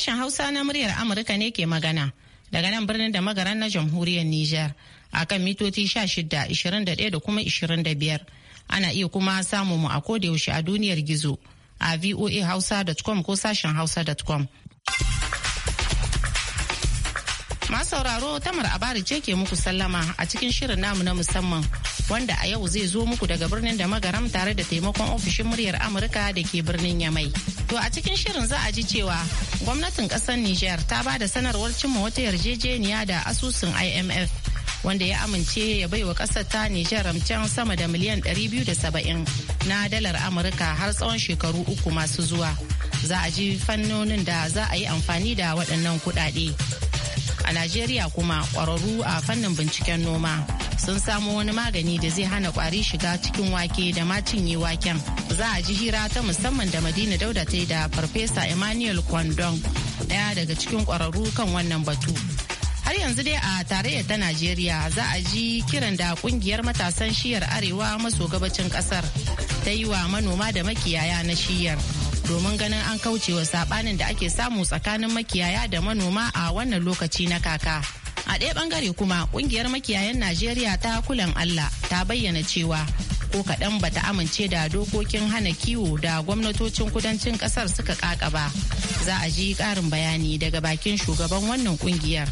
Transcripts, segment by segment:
Sashen Hausa na muryar Amurka ne ke magana daga nan birnin da magaran na jamhuriyar Nijar a kan mitoci 16, 21 da kuma 25. Ana iya kuma samu mu a yaushe a duniyar gizo a voahausa.com ko sashen hausa.com. Masu sauraro tamar abari ce ke muku sallama a cikin shirin namu na musamman wanda a yau zai zo muku daga birnin da magaram tare da taimakon ofishin muryar Amurka da ke birnin Yamai. To a cikin shirin za a ji cewa gwamnatin kasar niger ta ba da sanarwar cimma wata yarjejeniya da asusun IMF wanda ya amince ya baiwa kasar ta niger ramcen sama da miliyan 270 na dalar Amurka har tsawon shekaru uku masu zuwa. Za a ji fannonin da za a yi amfani da waɗannan kuɗaɗe. A Najeriya kuma ƙwararru a fannin binciken noma sun samo wani magani da zai hana kwari shiga cikin wake da ma cinye waken. Za a ji hira ta musamman da Madina Dauda ta yi da Farfesa Emmanuel kwandon ɗaya daga cikin ƙwararru kan wannan batu. Har yanzu dai a tarayyar ta Najeriya za a ji kiran da kungiyar matasan shiyar arewa maso gabacin kasar ta yi wa manoma da makiyaya na shiyar. domin ganin an kauce wa sabanin da ake samu tsakanin makiyaya da manoma a wannan lokaci na kaka. a ɗaya bangare kuma ƙungiyar makiyayan najeriya ta kulan allah ta bayyana cewa ko kaɗan bata amince da dokokin hana kiwo da gwamnatocin kudancin ƙasar suka ƙaƙa ba za a ji ƙarin bayani daga bakin shugaban wannan ƙungiyar.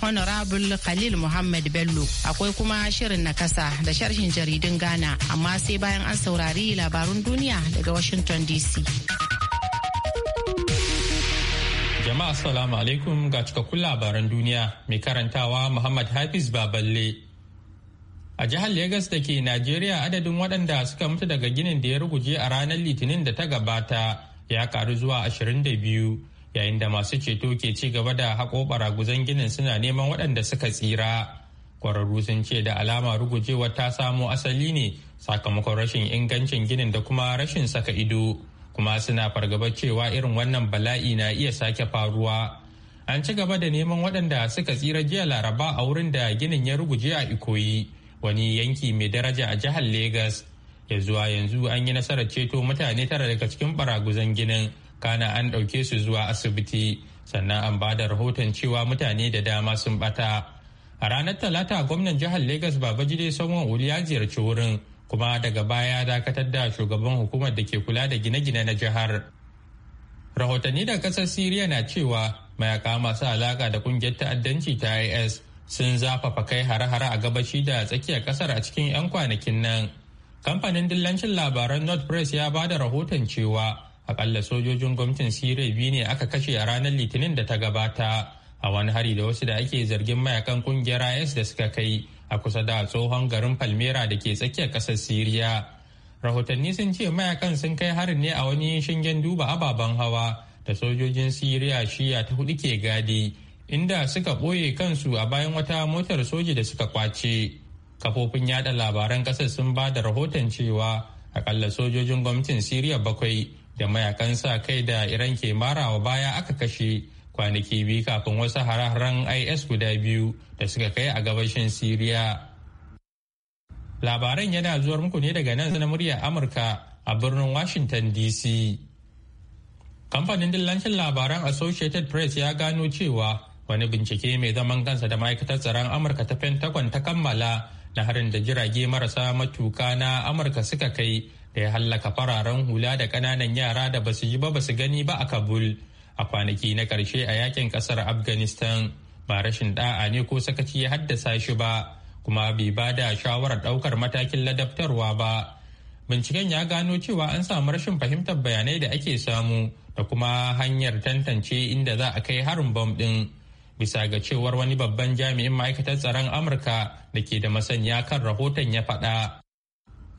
honorable khalil muhammad bello akwai kuma shirin na kasa da sharhin jaridun ghana amma sai bayan an saurari labarun duniya daga washington dc Jama'a salamu alaikum ga cikakkun labaran duniya mai karantawa Muhammad Hafiz Baballe. A jihar Legas da ke Najeriya adadin waɗanda suka mutu daga ginin da ya ruguje a ranar Litinin da ta gabata ya karu zuwa 22 yayin da masu ceto ke ci gaba da haƙo baraguzan ginin suna neman waɗanda suka tsira. Kwararru sun ce da alama rugujewa ta samo asali ne sakamakon rashin ingancin ginin da kuma rashin saka ido. kuma suna fargaba cewa irin wannan bala'i na iya sake faruwa an ci gaba da neman waɗanda suka tsira jiya laraba a wurin da ginin ya ruguje a ikoyi wani yanki mai daraja a jihar Legas. ya zuwa yanzu an yi nasarar ceto mutane tara daga cikin baraguzan ginin kana an ɗauke su zuwa asibiti sannan an ba da rahoton cewa mutane da dama sun bata a ranar talata gwamnan jihar Legas babajide sanwo uli ya ziyarci wurin kuma daga baya dakatar da shugaban hukumar da ke kula da gine-gine na jihar. Rahotanni da kasar Siriya na cewa mayaka masu alaka da kungiyar ta'addanci ta IS sun zafafa kai hare-hare a gabashi da tsakiyar kasar a cikin 'yan kwanakin nan. Kamfanin dillancin labaran North Press ya ba da rahoton cewa akalla sojojin gwamnatin Siriya biyu ne aka kashe a ranar Litinin da ta gabata a wani hari da wasu da ake zargin mayakan kungiyar IS da suka kai a kusa da tsohon garin palmera da ke tsakiyar ƙasar siriya rahotanni sun ce mayakan sun kai harin ne a wani shingen duba ababen hawa da sojojin siriya shiya ta hudu ke gadi inda suka ɓoye kansu a bayan wata motar soji da suka kwace kafofin yada labaran ƙasar sun ba da rahoton cewa akalla sojojin gwamnatin siriya bakwai da mayakan sa kai da iran ke marawa baya aka kashe kwanaki biyu kafin wasu hararren is guda biyu da suka kai a gabashin siriya labaran yana zuwar muku ne daga nan na murya amurka a birnin washington dc kamfanin dillancin labaran associated press ya gano cewa wani bincike mai zaman kansa da ma'aikatar tsaron amurka ta pentagon ta kammala na harin da jirage marasa matuka na amurka suka kai da ya hallaka fararen hula da ƙananan yara da basu yi ba basu gani ba a kabul a kwanaki na ƙarshe a yakin ƙasar afghanistan ba rashin da'a ne ko sakaci ya haddasa shi ba kuma bai ba da shawarar ɗaukar matakin ladabtarwa ba binciken ya gano cewa an samu rashin fahimtar bayanai da ake samu da kuma hanyar tantance inda za a kai harin bom ɗin bisa ga cewar wani babban jami'in ma'aikatar tsaron amurka da ke da masaniya kan rahoton ya faɗa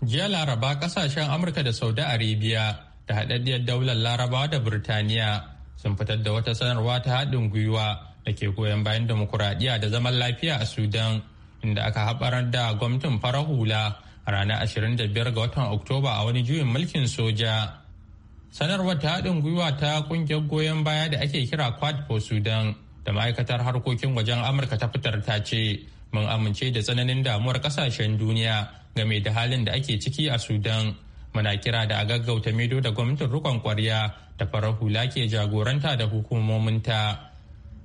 jiya laraba kasashen amurka da saudi arabia da haɗaɗɗiyar daular larabawa da burtaniya sun fitar da wata sanarwa ta haɗin gwiwa da ke goyon bayan demokuraɗiyya da zaman lafiya a sudan inda aka haɓarar da gwamnatin farar hula a ranar 25 ga watan oktoba a wani juyin mulkin soja sanarwar ta haɗin gwiwa ta ƙungiyar goyon baya da ake kira quad for sudan da ma'aikatar harkokin wajen amurka ta fitar ta ce mun amince da tsananin damuwar ƙasashen duniya game da halin da ake ciki a sudan muna kira da a gaggauta mido da gwamnatin rukon kwarya da farar hula ke jagoranta da hukumominta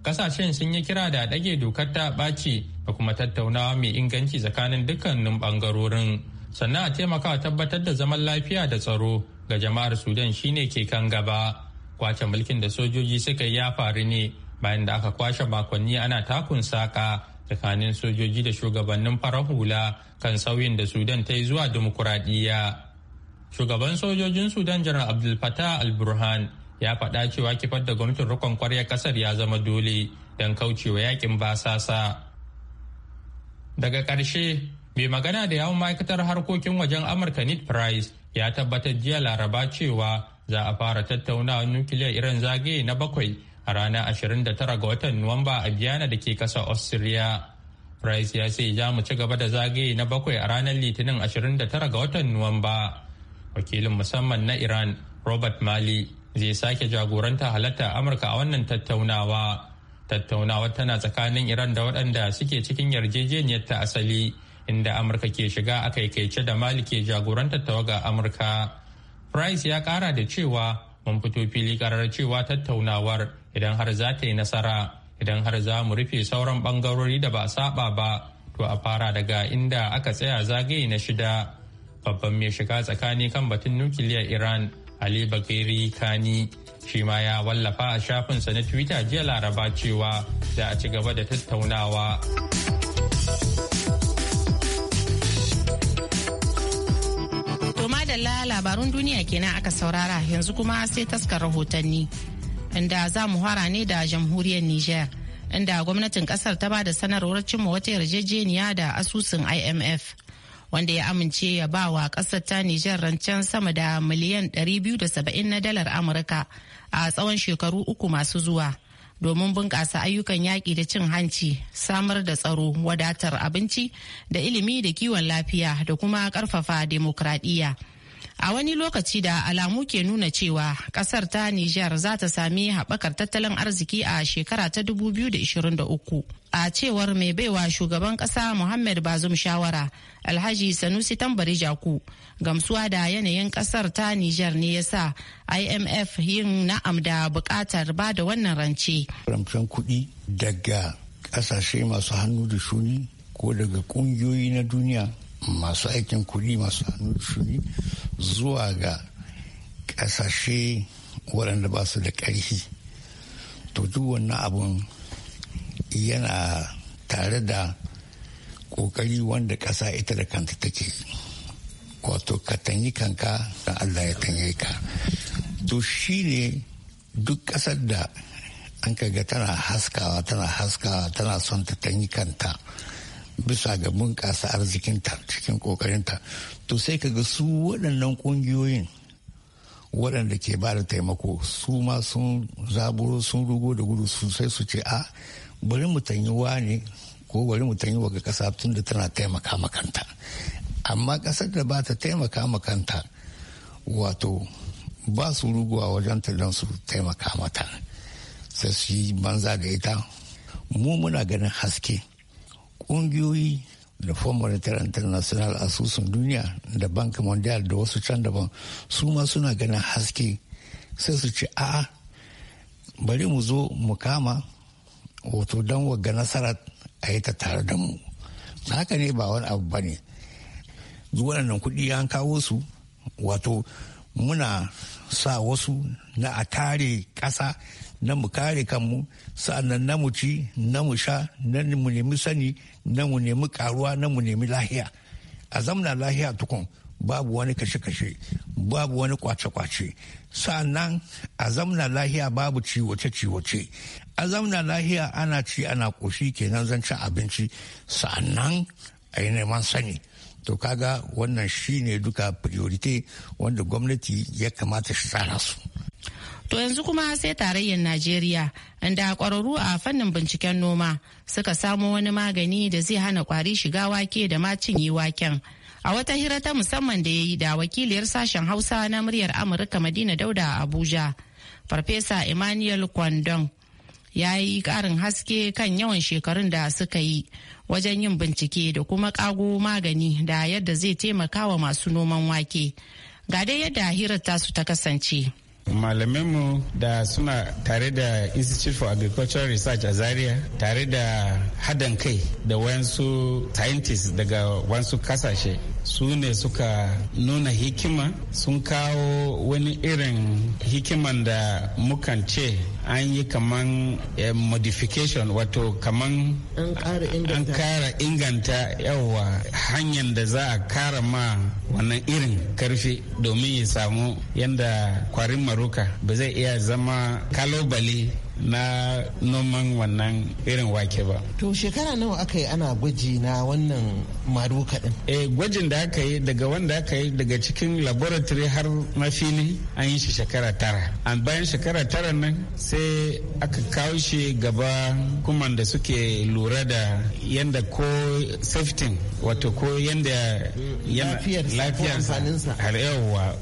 kasashen sun yi kira da ɗage dokar ta ɓaci da kuma tattaunawa mai inganci tsakanin dukkanin ɓangarorin sannan a taimaka tabbatar da zaman lafiya da tsaro ga jama'ar sudan shine ke kan gaba kwace mulkin da sojoji suka yi ya faru ne bayan da aka kwashe makonni ana takun saka tsakanin sojoji da shugabannin farar hula kan sauyin da sudan ta yi zuwa dimokuraɗiyya shugaban sojojin sudan janar abdul fatah al-burhan ya faɗa cewa kifar da gwamnatin rukon kwarya kasar ya zama dole don kaucewa yakin basasa daga ƙarshe mai magana da yawon ma'aikatar harkokin wajen amurka nit price ya tabbatar jiya laraba cewa za a fara tattaunawa nukiliyar irin zagaye na bakwai a ranar 29 ga watan nuwamba a biyana da ke ƙasar austria price ya ce za mu ci gaba da zagaye na bakwai a ranar litinin 29 ga watan nuwamba wakilin musamman na iran robert mali zai sake jagoranta halatta amurka a wannan tattaunawa tattaunawa tana tsakanin iran da waɗanda suke cikin yarjejeniyar ta asali inda amurka ke shiga a kaikaice da mali ke jagorantar tawaga amurka price ya kara da cewa mun fito fili karar cewa tattaunawar idan har za ta yi nasara idan har za mu rufe sauran bangarori da ba saba ba to a fara daga inda aka tsaya zagaye na shida babban mai shiga tsakani kan batun nukiliyar iran ali bakiri kani shi ma ya wallafa a shafinsa na twitter jiya laraba cewa da a ci gaba da tattaunawa madalla labarun duniya kenan aka saurara yanzu kuma sai taskar rahotanni inda za mu fara ne da jamhuriyar niger inda gwamnatin kasar ta ba da sanarwar cimma wata yarjejeniya da asusun imf wanda ya amince ya ba wa ƙasar ta Nijar rancen sama da miliyan 270 na dalar Amurka a tsawon shekaru uku masu zuwa domin bunƙasa ayyukan yaƙi da cin hanci, samar da tsaro, wadatar abinci da ilimi da kiwon lafiya da kuma ƙarfafa demokradiyya. a wani lokaci da alamu ke nuna cewa kasar ta Nijar za ta sami haɓakar tattalin arziki a shekara ta 2023. A cewar mai baiwa shugaban ƙasa Muhammad Bazum shawara Alhaji Sanusi Tambari Jaku gamsuwa da yanayin ƙasar ta Nijar ne ya sa IMF yin na'am da buƙatar ba da wannan rance. Ramshen kuɗi daga ƙasashe masu hannu da shuni ko daga ƙungiyoyi na duniya masu aikin kuɗi masu hannu shuri zuwa ga ƙasashe waɗanda ba su da ƙarfi to duk wannan abun yana tare da ƙoƙari wanda ƙasa ita da kanta take wato ka tanyi kanka da allah ya tanye ka to shi ne duk ƙasar da an ga tana haskawa tana haskawa tana son ta tanyi kanta bisa ga bunƙasa arzikinta cikin ƙoƙarinta to sai ka ga su waɗannan ƙungiyoyin waɗanda ke ba da taimako su ma sun zaburo sun rugo da gudu sosai su ce a bari mu tanyi ne ko bari mu wa ga ƙasa tun da tana taimaka makanta amma ƙasar da ba ta taimaka makanta wato ba su ruguwa wajen ta don su taimaka mata sai su yi banza da ita mu muna ganin haske Kungiyoyi da Foreign Monetary International asusun duniya da Bank Mondial da wasu can daban su ma suna ganin haske sai su ce a'a bari mu zo mu kama wato don wagga nasara a yi ta tare da mu haka ne ba wani abu ba ne nan kudi an kawo su wato muna sa wasu na a tare kasa na mu kare kanmu sa'annan na mu ci na mu sha na mu nemi sani na mu nemi karuwa na mu nemi lahiya a zamna lahiya tukun babu wani kashe-kashe babu wani kwace-kwace sa'annan a zamna lahiya babu ciwoce-ciwoce a zamna lahiya ana ci ana koshi kenan zancen abinci sa'annan a yi neman sani to kaga wannan shine duka priority wanda gwamnati ya kamata shi tsara su To yanzu kuma sai tarayyar Najeriya inda kwararru a fannin binciken noma suka samo wani magani da zai hana kwari shiga wake da ma cinye waken. A wata hira ta musamman da ya yi da wakiliyar sashen Hausa na muryar Amurka Madina Dauda a Abuja, Farfesa Emmanuel Kwandon ya yi ƙarin haske kan yawan shekarun da suka yi wajen yin bincike da kuma ƙago magani da yadda zai taimaka wa masu noman wake. Ga dai yadda hirar tasu ta kasance. malamanmu da suna tare da institute for agricultural research a zaria tare da haɗin kai da wayansu scientists daga wasu kasashe su ne suka nuna hikima sun kawo wani irin hikiman da mukan ce an yi kaman eh, modification wato kaman an kara inganta yawa hanyar da za a kara ma wannan irin karfi domin ya samu yadda kwarin maruka ba zai iya zama kalobale na noman wannan irin wake ba. To shekara nawa aka yi ana gwaji na wannan maru kaɗin? Eh gwajin da aka yi daga wanda aka yi daga cikin laboratory har mafili an yi shi shekara tara. An bayan shekara tara nan sai aka kawo shi gaba kuma da suke lura da yanda ko safety wato ko yanda lafiyar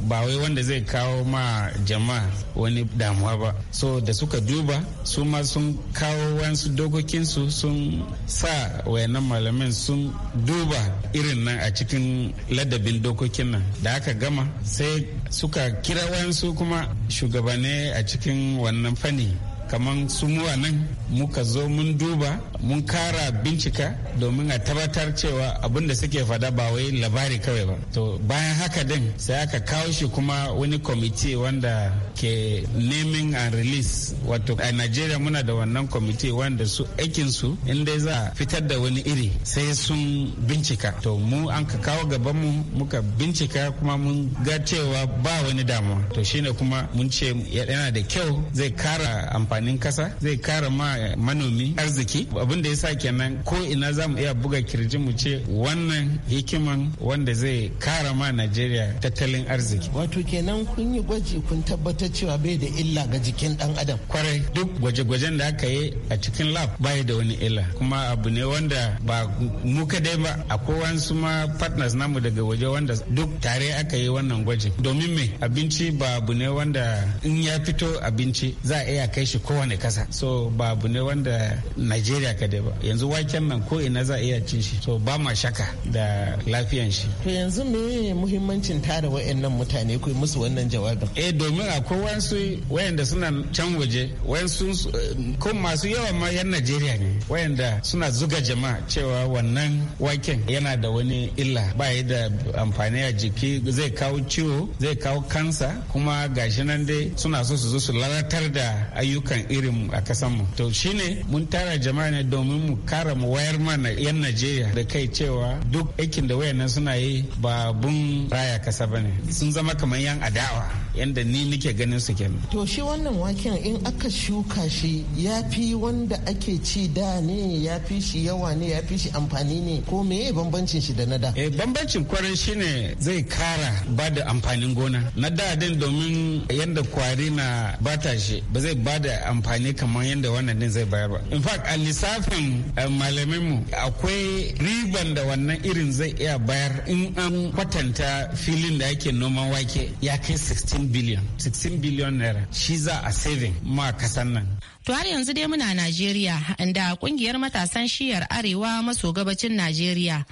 ba wai wanda zai kawo ma jama'a wani damuwa ba. So da suka duba su ma sun kawo wasu dokokinsu sun sa wayannan malamin sun duba irin nan a cikin ladabin dokokin nan da aka gama sai suka kira wayansu kuma shugabane a cikin wannan fanni kamar su muwa nan muka zo mun duba mun kara bincika domin a tabbatar cewa abin da suke fada ba wai labari kawai ba to bayan haka din sai aka kawo shi kuma wani kwamiti wanda ke naming and release wato a nigeria muna da wannan kwamiti wanda su aikinsu inda za a fitar da wani iri sai sun bincika to mu an ka kawo gaban mu muka bincika kuma mun ga cewa ba wani damuwa to shine kuma mun ce yana da kyau zai kara amfani amfanin kasa zai kara ma manomi arziki abin da sa kenan ko ina za mu iya buga kirji mu ce wannan hikiman wanda zai kara ma Najeriya tattalin arziki wato kenan kun yi gwaji kun tabbatar cewa bai da illa ga jikin dan adam kwarai duk gwaje-gwajen da aka yi a cikin lab bai da wani illa kuma abu ne wanda ba mu kadai ba akwai wasu ma partners namu daga waje wanda duk tare aka yi wannan gwajin domin me abinci ba abu ne wanda in ya fito abinci za a iya kai shi kowane kasa so ba abu ne wanda najeriya kadai ba yanzu waken nan ko ina za a iya cin shi so ba ma shaka da lafiyan shi to yanzu me muhimmancin tare wayannan mutane ku musu wannan jawabin eh domin akwai wasu wayanda suna can waje wayansu eh, ko masu yawa ma yan najeriya ne wayanda suna zuga jama'a cewa wannan waken yana da wani illa ba yi da amfani a jiki zai kawo ciwo zai kawo kansa kuma gashi nan dai suna so su zo su lalatar da ayyukan akan irin a kasan mu to shine mun tara jama'a ne domin mu kara mu wayar mana yan Najeriya da kai cewa duk aikin da wayannan suna yi ba bun raya kasa bane sun zama kamar yan adawa yanda ni nike ganin su kenan to shi wannan waken in aka shuka shi ya fi wanda ake ci da ne ya fi shi yawa ne ya fi shi amfani ne ko me bambancin shi da na da eh bambancin kwarai shine zai kara ba da amfanin gona na da din domin yanda kwari na bata shi ba zai ba da amfani kamar yanda wannan din zai bayar ba in fact a lissafin eh, malamin mu akwai riban da wannan irin zai iya bayar in an kwatanta filin da ake noman wake ya kai 16 billion 16 billion naira shi za a saving ma kasan nan To har yanzu dai muna Najeriya inda kungiyar matasan shiyar arewa maso gabacin Najeriya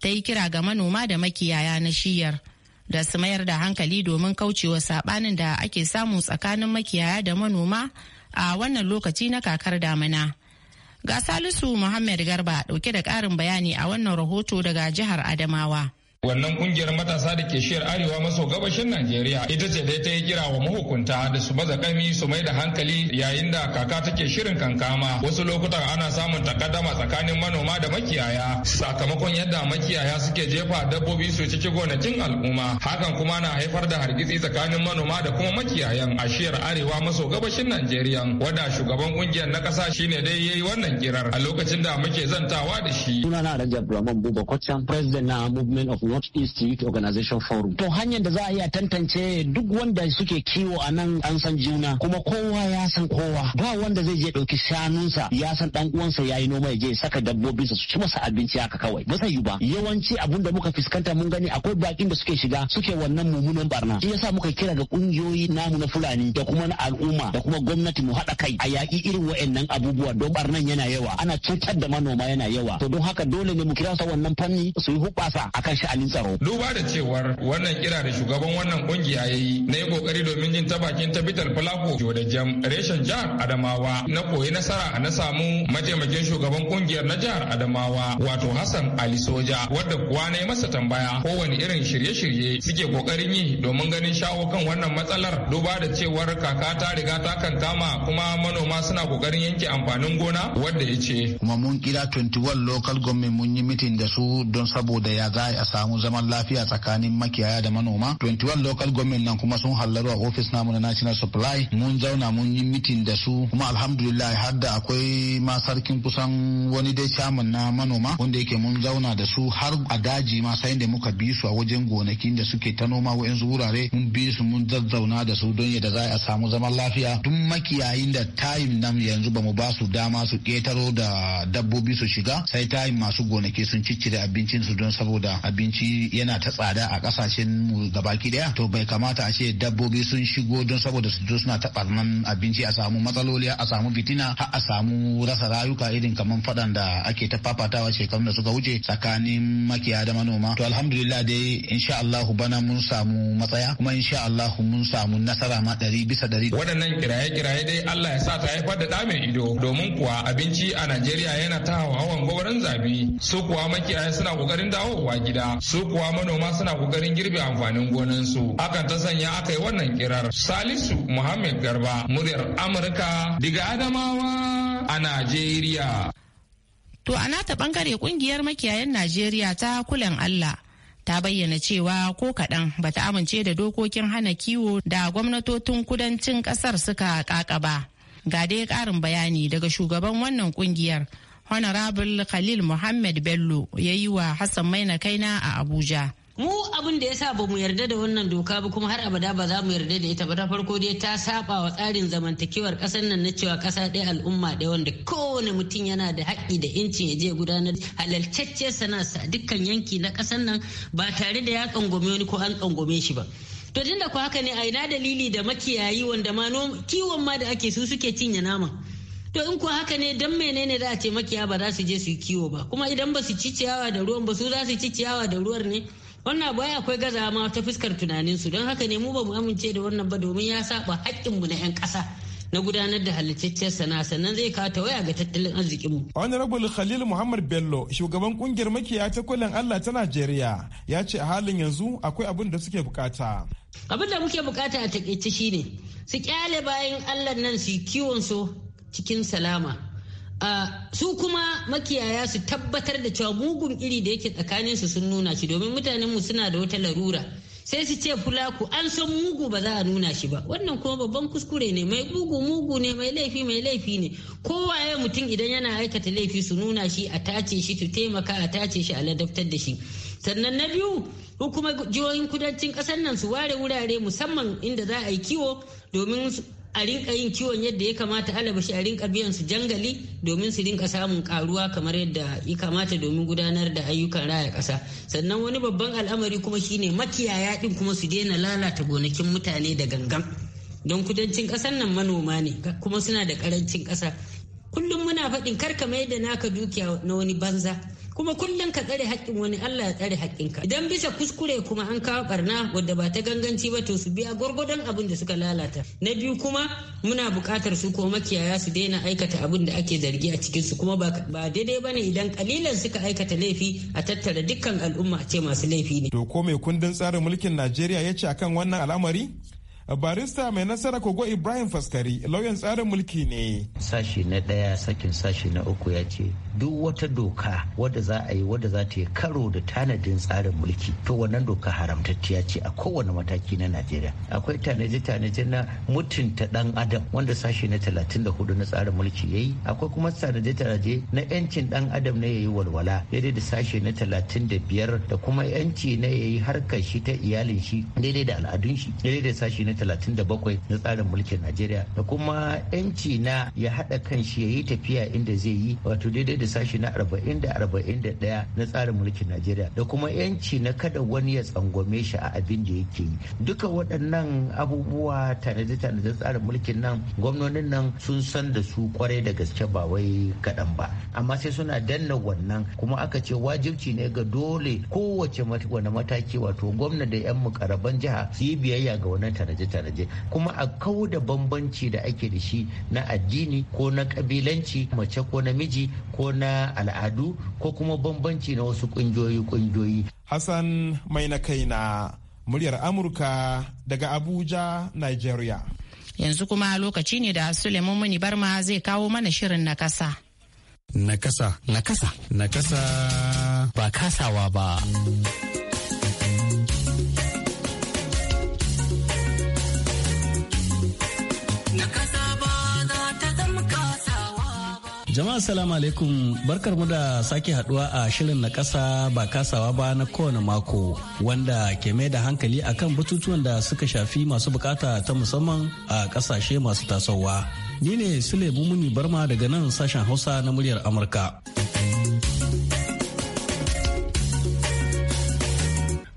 ta yi kira ga manoma da makiyaya na shiyar da su mayar da hankali domin kaucewa sabanin da ake samu tsakanin makiyaya da manoma a wannan lokaci na kakar damina. Ga Salisu Muhammad Garba dauke da ƙarin bayani a wannan rahoto daga jihar Adamawa. Wannan kungiyar matasa da ke shiyar arewa maso gabashin Najeriya ita ce dai ta yi kira wa mahukunta da su baza kami su mai da hankali yayin da kaka take shirin kankama. Wasu lokutan ana samun takaddama tsakanin manoma da makiyaya sakamakon yadda makiyaya suke jefa dabbobi su ciki gonakin al'umma. Hakan kuma na haifar da hargitsi tsakanin manoma da kuma makiyayan a shiyar arewa maso gabashin Najeriya wanda shugaban kungiyar na kasa shine dai ya yi wannan kirar a lokacin da muke zantawa da shi. Sunana Rajab Rahman Buba Kwacan, President na Movement of North East Youth Organization Forum. To hanyar da za a iya tantance duk wanda suke kiwo a nan an san juna kuma kowa ya san kowa ba wanda zai je ɗauki shanunsa ya san ɗan uwansa ya yi noma ya je saka dabbobinsa su ci masa abinci haka kawai ba sai ba yawanci abun da muka fuskanta mun gani akwai bakin da suke shiga suke wannan mummunan barna shi yasa muka kira ga kungiyoyi namu na fulani da kuma na al'umma da kuma gwamnati mu haɗa kai a yaƙi irin wa'annan abubuwa don barnan yana yawa ana cutar da manoma yana yawa to don haka dole ne mu kira sa wannan fanni su yi hubasa akan sha'ani sha'anin tsaro. Duba da cewar wannan kira da shugaban wannan kungiya ya yi na yi kokari domin jin ta bakin ta bitar falako da jam reshen jihar Adamawa na koyi nasara a na samu mataimakin shugaban kungiyar na jihar Adamawa wato Hassan Ali Soja wadda kuwa na yi masa tambaya kowane irin shirye-shirye suke kokarin yi domin ganin shawo kan wannan matsalar duba da cewar kaka ta riga ta kan kama kuma manoma suna kokarin yanke amfanin gona wadda ya ce. Kuma mun kira 21 local government mun yi mitin da su don saboda ya za a samu samu zaman lafiya tsakanin makiyaya da manoma 21 local government nan kuma sun hallaru a ofis namu na national supply mun zauna mun yi mitin da su kuma alhamdulillah har da akwai ma sarkin kusan wani dai chairman na manoma wanda yake mun zauna da su har a daji ma sai da muka bi su a wajen gonakin da suke ta noma yanzu wurare mun bi su mun zazzauna da su don yadda za a samu zaman lafiya duk makiyayin da time nan yanzu ba mu ba su dama su ketaro da dabbobi su shiga sai time masu gonaki sun ciccire su don saboda abinci abinci yana ta tsada a kasashen mu gabaki daya to bai kamata a ce dabbobi sun shigo don saboda su zo suna ta nan abinci a samu matsaloli a samu fitina har a samu rasa rayuka irin kamar fadan da ake ta fafatawa shekarun da suka wuce tsakanin makiya da manoma to alhamdulillah dai insha Allah bana mun samu matsaya kuma insha Allah mun samu nasara ma dari bisa dari. Waɗannan kiraye-kiraye dai Allah ya sa ta haifar da ɗa mai ido domin kuwa abinci a Najeriya yana ta hawan gwagwarin zabi su kuwa makiyaya suna dawo dawowa gida su kuwa manoma suna kokarin girbe amfanin gonansu hakan ta sanya aka yi wannan kirar salisu muhammad garba muryar amurka diga adamawa a najeriya to a nata bangare kungiyar makiyayan najeriya ta kulen allah ta bayyana cewa ko kaɗan bata amince da dokokin hana kiwo da gwamnatocin kudancin ƙasar suka ba ga dai ƙarin bayani daga shugaban wannan kungiyar honorable khalil muhammad bello ya yi wa hassan maina kaina a abuja mu abin da ya sa ba mu yarda da wannan doka ba kuma har abada ba za mu yarda da ita ba ta farko dai ta saba wa tsarin zamantakewar kasar nan na cewa kasa ɗaya al'umma ɗaya wanda kowane mutum yana da haƙƙi da incin ya je gudanar halalcacce a dukkan yanki na kasar nan ba tare da ya tsangwame wani ko an tsangwame shi ba to tunda ku haka ne a ina dalili da makiyayi wanda ma kiwon ma da ake su suke cinye naman to in ku haka ne dan menene za a ce makiya ba za su je su yi kiwo ba kuma idan ba su ci ciyawa da ruwan ba su za su ci ciyawa da ruwar ne wannan baya akwai gaza ma ta fuskar tunanin su don haka ne mu ba mu amince da wannan ba domin ya saba mu na 'yan ƙasa na gudanar da halittacciyar sana'a sannan zai kawo tawaya ga tattalin arzikinmu. Honorable Khalil Muhammad Bello shugaban kungiyar makiya ta kullum Allah ta Najeriya ya ce a halin yanzu akwai abin da suke bukata. Abin da muke bukata a takaice shine su kyale bayan Allah nan su kiwon su cikin salama su kuma makiyaya su tabbatar da cewa mugun iri da yake tsakanin su sun nuna shi domin mutanen mu suna da wata larura sai su ce fulaku an san mugu ba za a nuna shi ba wannan kuma babban kuskure ne mai mugu mugu ne mai laifi mai laifi ne kowaye mutum idan yana aikata laifi su nuna shi a tace shi su taimaka a tace shi a ladabtar da shi sannan na biyu hukumar jihohin kudancin kasar nan su ware wurare musamman inda za a yi kiwo domin a rinka yin kiwon yadda ya kamata alabashi a rinka biyan su jangali domin su rinka samun karuwa kamar yadda ya kamata domin gudanar da ayyukan raya kasa sannan wani babban al'amari kuma shine makiyaya din kuma su daina lalata gonakin mutane da gangan don kudancin kasar nan manoma ne kuma suna da karancin kasa kullum muna faɗin karka mai da naka dukiya na wani banza kuma kullum ka tsare haƙƙin wani Allah ya tsare haƙƙinka idan bisa kuskure kuma an kawo barna wadda ba ta ganganci ba to su biya gwargwadon abin da suka lalata na biyu kuma muna buƙatar su ko makiyaya su daina aikata abin da ake zargi a cikin su kuma ba daidai ba ne idan kalilan suka aikata laifi a tattara dukkan al'umma a ce masu laifi ne to ko mai kundin tsarin mulkin Najeriya ya ce akan wannan al'amari barista mai nasara kogo ibrahim faskari lauyan tsarin mulki ne sashi na ɗaya sakin sashi na uku ya ce duk wata doka wadda za a yi wadda za ta yi karo da tanadin tsarin mulki to wannan doka haramtacciya ce a kowane mataki na najeriya akwai tanaji tanaji na mutunta dan adam wanda sashi na talatin da hudu na tsarin mulki ya yi akwai kuma tanaji tanaji na yancin dan adam na yi walwala daidai da sashi na talatin da biyar da kuma yanci na ya yi harkar shi ta iyalin shi daidai da al'adun shi daidai da sashi na 37 na tsarin mulkin Najeriya da kuma 'yanci na ya haɗa kan shi ya yi tafiya inda zai yi wato daidai da sashi na 40 da 41 na tsarin mulkin Najeriya da kuma 'yanci na kada wani ya tsangwame shi a abin da yake yi. Duka waɗannan abubuwa tanade-tanade tsarin mulkin nan gwamnonin nan sun san da su kwarai da gaske ba wai kaɗan ba. Amma sai suna danna wannan kuma aka ce wajibci ne ga dole kowace wani mataki wato gwamna da 'yan mukarraban jiha su yi biyayya ga wannan tanade tanaje kuma a kawo da bambanci da ake da shi na addini ko na kabilanci mace ko namiji ko na al'adu ko kuma bambanci na wasu kungiyoyi kungiyoyi hassan mai na kaina muryar amurka daga abuja nigeria yanzu kuma lokaci ne da suleiman muni barma zai kawo mana shirin na kasa na kasa na kasa na kasa ba kasawa ba Jama'a salamu alaikum barkar mu da sake haduwa a shirin na kasa ba kasawa ba na kowane mako wanda ke mai da hankali akan batutuwan da suka shafi masu bukata ta musamman a kasashe masu tasowa. Ni ne Sule Mumuni Barma daga nan sashen Hausa na muryar Amurka.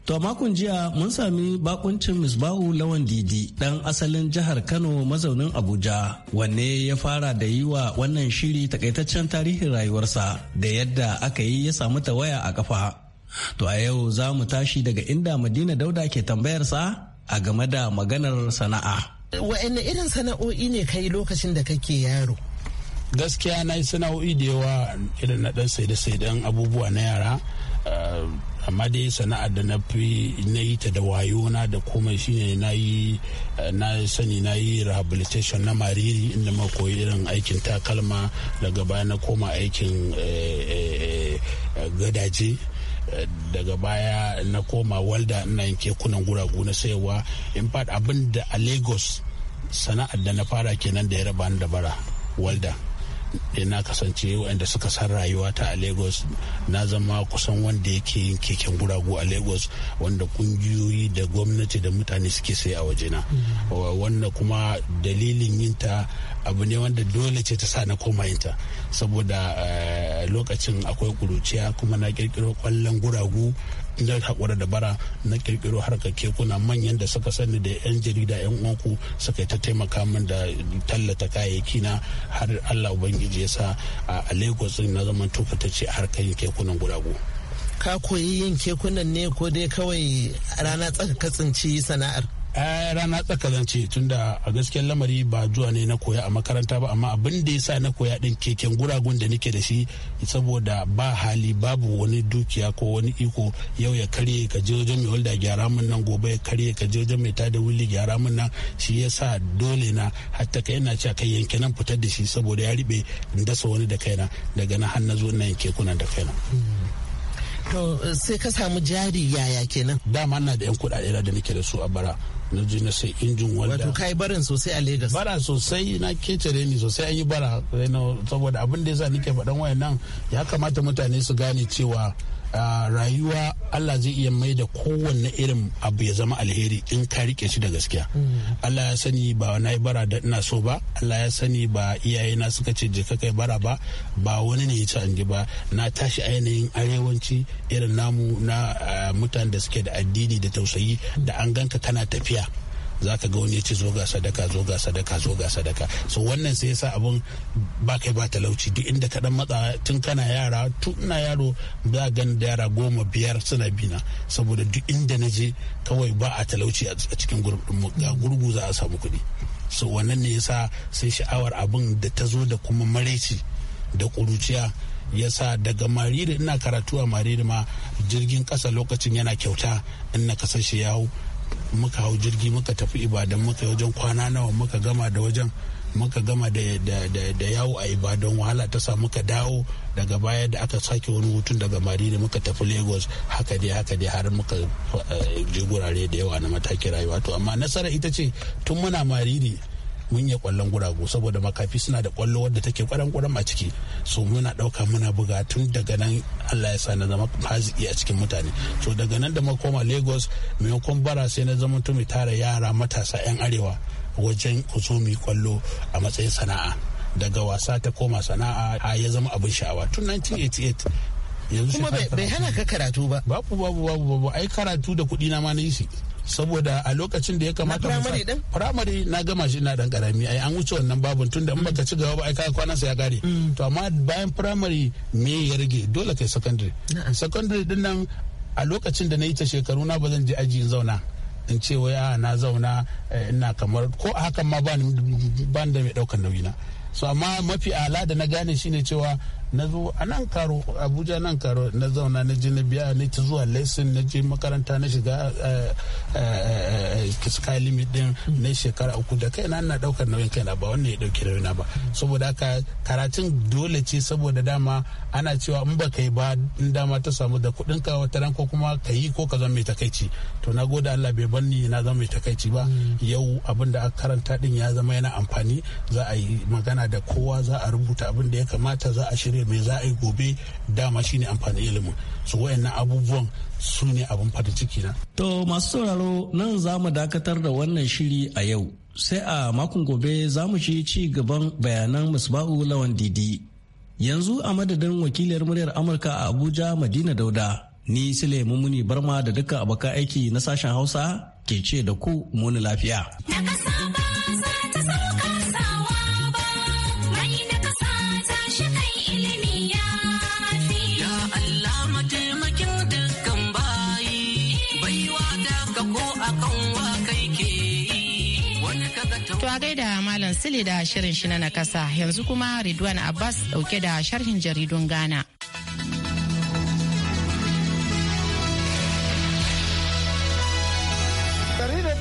To makon jiya mun sami bakuncin misbahu lawan didi dan asalin jihar Kano mazaunin Abuja wanne ya fara da yi wa wannan shiri takaitaccen tarihin rayuwarsa da yadda aka yi ya samu tawaya a kafa. To a yau za mu tashi daga inda Madina Dauda ke tambayarsa a game da maganar sana'a. Wa'anne irin sana'o'i ne kai lokacin da kake yaro? Gaskiya na yi sana'o'i da yawa irin na dan sai da abubuwa na yara. Ah, amma dai sana'ar da na fi na yi ta da wayo na da komai shine na yi na sani na yi rehabilitation na mariri inda ma koyi irin aikin takalma daga baya na koma aikin eh, eh, gadaje daga baya na koma walda ina yin kekunan guragu na sayarwa in fact abin da a lagos sana'ar da na fara kenan da ya raba ni da bara walda na kasance waɗanda suka san rayuwata a lagos na zama kusan wanda yake yin keken guragu a lagos wanda kungiyoyi da gwamnati da mutane suke sai a wajena mm. wanda kuma dalilin yinta abu ne wanda dole ce ta sa na koma yinta saboda eh, lokacin akwai kuruciya kuma na kirkiro kwallon guragu na haƙura da bara na ƙirƙiro harkar kekuna manyan da suka sani da 'yan jarida 'yan uwanku suka yi ta taimaka min da tallata kayayyaki na har allah ubangiji ya sa a lagos na zaman tukatacce harkar kekunan guragu. ka koyi yin kekunan ne ko dai kawai rana tsaka katsinci sana'ar Eh, rana tsakazance tun tunda a gaskiyar lamari ba zuwa ne na koya a makaranta ba amma abin da ya sa na koya din keken guragun da nake da shi saboda ba hali babu wani dukiya ko wani iko yau ya karye ka je wajen mai holda gyara min nan gobe ya karye ka je wajen mai tada wuli gyara min nan shi ya sa dole na hatta kai ina cewa kai yanke nan fitar da shi saboda ya riɓe in dasa wani da kaina daga na har na zo na yanke kunan da kaina to sai ka samu jari yaya kenan dama na da yan kuɗaɗe da nake da su a bara na je na sai injin wanda wato kai barin sosai a Lagos bara sosai na kecere ni sosai an yi bara saboda abin da yasa nake faɗan wayannan ya kamata mutane su gane cewa rayuwa Allah zai iya mai da kowanne irin abu ya zama alheri in ka rike shi da gaskiya Allah ya sani ba na yi bara da ina so ba Allah ya sani ba iyayena suka ce je kai bara ba ba wani ne ya ci angi ba na tashi a yanayin arewanci irin namu na mutanen da suke da addini da tausayi da an ganka kana tafiya za ka ga wani ya ce zo ga sadaka zo ga sadaka zo ga sadaka so wannan sai yasa abun ba kai ba talauci duk inda ka dan matsa tun kana yara tun ina yaro za gan da yara goma biyar suna bina saboda duk inda na je kawai ba a talauci a cikin gurbin ga gurgu za a samu kuɗi so wannan ne yasa sai sha'awar abun da ta zo da kuma mareci da kuruciya ya sa daga mariri ina karatu a mariri ma jirgin ƙasa lokacin yana kyauta in na kasashe yawo muka hau jirgi muka tafi ibadan muka wajen kwana nawa muka gama da wajen muka gama da yawo a ibadan wahala ta sa muka dawo daga baya da aka sake wani hutun daga marina muka tafi lagos haka dai haka dai har muka eh, je gurare da yawa na mataki rayuwa to amma nasara ita ce tun muna mariri mun iya kwallon guragu saboda makafi suna da kwallo wadda take kwaran kwaran a ciki so muna dauka muna buga tun daga nan Allah ya sa na zama haziki a cikin mutane so daga nan da muka koma Lagos maimakon bara sai na zama tumi tara yara matasa yan arewa wajen ku zo mu kwallo a matsayin sana'a daga wasa ta koma sana'a a ya zama abin sha'awa tun 1988 kuma bai hana ka karatu ba babu babu babu babu ai karatu da kudi na ma na yi saboda a lokacin da ya kamata firamare na gama shi na dan karami ai an wuce wannan babun tunda in baka ci gaba ba ai kaga kwanan sai ya gare. Mm. to amma bayan firamare me ya rage dole kai secondary secondary din nan a lokacin da na yi ta shekaru na ba zan je aji in zauna in ce wai a ah, na zauna eh, ina kamar ko a hakan ma ba ni da mai daukan nauyi na so amma mafi ala da na gane shine cewa na zo a nan karo abuja nan karo na zauna na je na biya na ta zuwa lesson na je makaranta na shiga eh, eh, eh, sky limit din na shekara uku da kai na daukar nauyin kaina ba wannan ya dauki nauyin ba saboda haka karatun dole ce saboda dama ana cewa in ba kai ba in dama ta samu da kuɗin ka wata ran ko kuma ka yi ko ka zama mai takaici to na gode Allah bai bar ni na zama mai takaici ba mm. yau abin da aka karanta din ya zama yana amfani za a yi magana da kowa za a rubuta abin da ya kamata za a shirya da me za a yi gobe dama shine amfanin ilimin su wayannan abubuwan su ne abin farin ciki na. To masu sauraro nan za mu dakatar da wannan shiri a yau sai a makon gobe za mu ci ci gaban bayanan musba'u lawan didi. Yanzu a madadin wakiliyar muryar Amurka a Abuja Madina Dauda ni Sule Mumuni Barma da duka abokan aiki na sashen Hausa ke ce da ku muni lafiya. To a gaida Malam Sule da shirin shi na nakasa yanzu kuma Ridwan Abbas dauke da sharhin jaridun Ghana.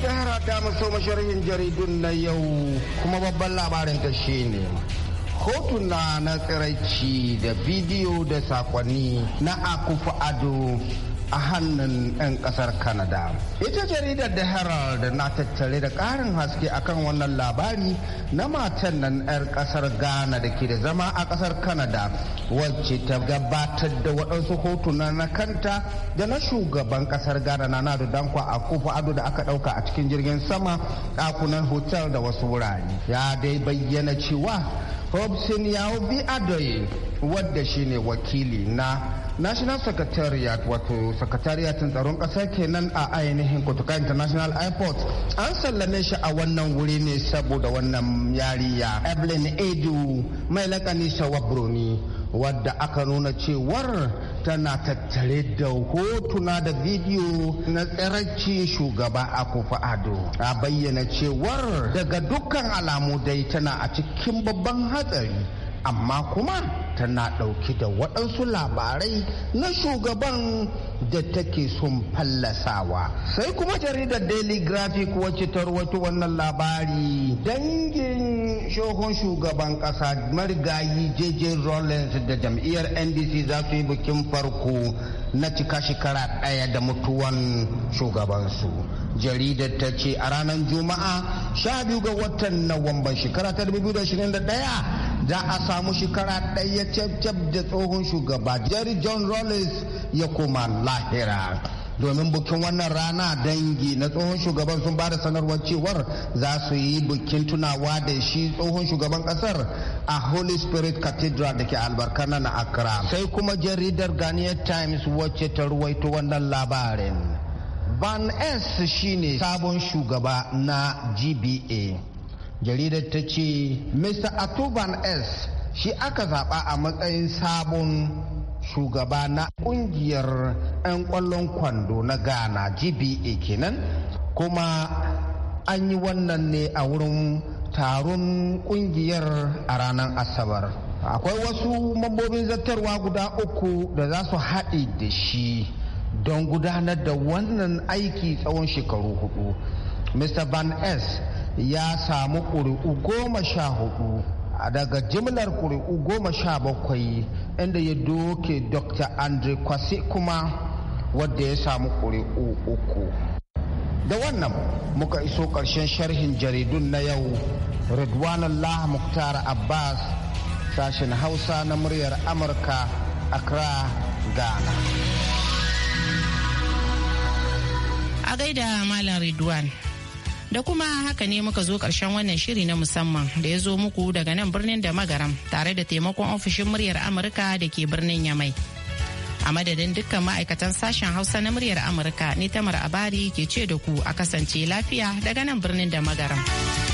Jihar ta maso masharhin jaridun na yau kuma babban labarin ta shi ne hotuna na tsiraici da bidiyo da sakonni na akufu ado a hannun 'yan kasar Kanada Ita jaridar da Herald na tattare da ƙarin haske akan wannan labari na matan nan 'yar kasar Ghana da ke da zama a kasar Kanada. wacce ta gabatar da waɗansu hotuna na kanta da na shugaban kasar Ghana na Nadu Dankwa a kofa ado da aka ɗauka a cikin jirgin sama ɗakunan hotel da wasu wurare. Ya dai bayyana cewa Hobson bi Adoye wadda shine wakili na National Secretariat wato Sakatariyatin tsaron ƙasa kenan a ainihin Kotoka International Airport an sallame shi a wannan wuri ne saboda wannan yariya Evelyn Edu mai lakani Sawa Bromi wadda aka nuna cewar tana tattare da hotuna da bidiyo na tsiraci shugaba a akufa ado a bayyana cewar daga dukkan alamu dai tana a cikin babban hatsari amma kuma tana ɗauki da waɗansu labarai na shugaban da take sun fallasawa sai kuma jaridar daily graphic wacce ta rawaito wannan labari dangin shohon shugaban ƙasa marigayi jj rollins da jam'iyyar ndc za su yi bikin farko na cika shekara ɗaya da mutuwan shugabansu jaridar ta ce a ranar juma'a 12 ga watan nawamban shekara ta 2021 za a samu shekara ɗaya cef da tsohon shugaba jerry john rollins ya koma lahira domin bukin wannan rana dangi na tsohon shugaban sun ba da sanarwar cewar za su yi bukin tunawa da shi tsohon shugaban kasar a holy spirit cathedral da ke albarkana na accra sai kuma jaridar ghanaian times wacce ta ruwaito wannan labarin ban s shine sabon shugaba na gba jaridar ta ce mr atuban s shi aka zaba a matsayin sabon shugaba na ƙungiyar 'yan kwallon kwando na ghana gba kenan kuma an yi wannan ne a wurin taron ƙungiyar a ranar asabar akwai wasu mambobin zartarwa guda uku da za su haɗe da shi don gudanar da wannan aiki tsawon shekaru hudu mr van s ya samu ƙuri'u goma sha hudu daga jimlar ƙuri'u goma sha bakwai inda ya doke dr andre kwasi kuma wadda ya samu ƙuri'u uku da wannan muka iso ƙarshen sharhin jaridun na yau ridwanullah muktar abbas sashen hausa na muryar amurka accra ghana a gaida malam ridwan Da kuma haka ne muka zo karshen wannan shiri na musamman da ya zo muku daga nan birnin da magaram tare da taimakon ofishin muryar Amurka da ke birnin Yamai. A madadin dukkan ma'aikatan sashen Hausa na muryar Amurka ni Tamar Abari ke ce da ku a kasance lafiya daga nan birnin da magaram.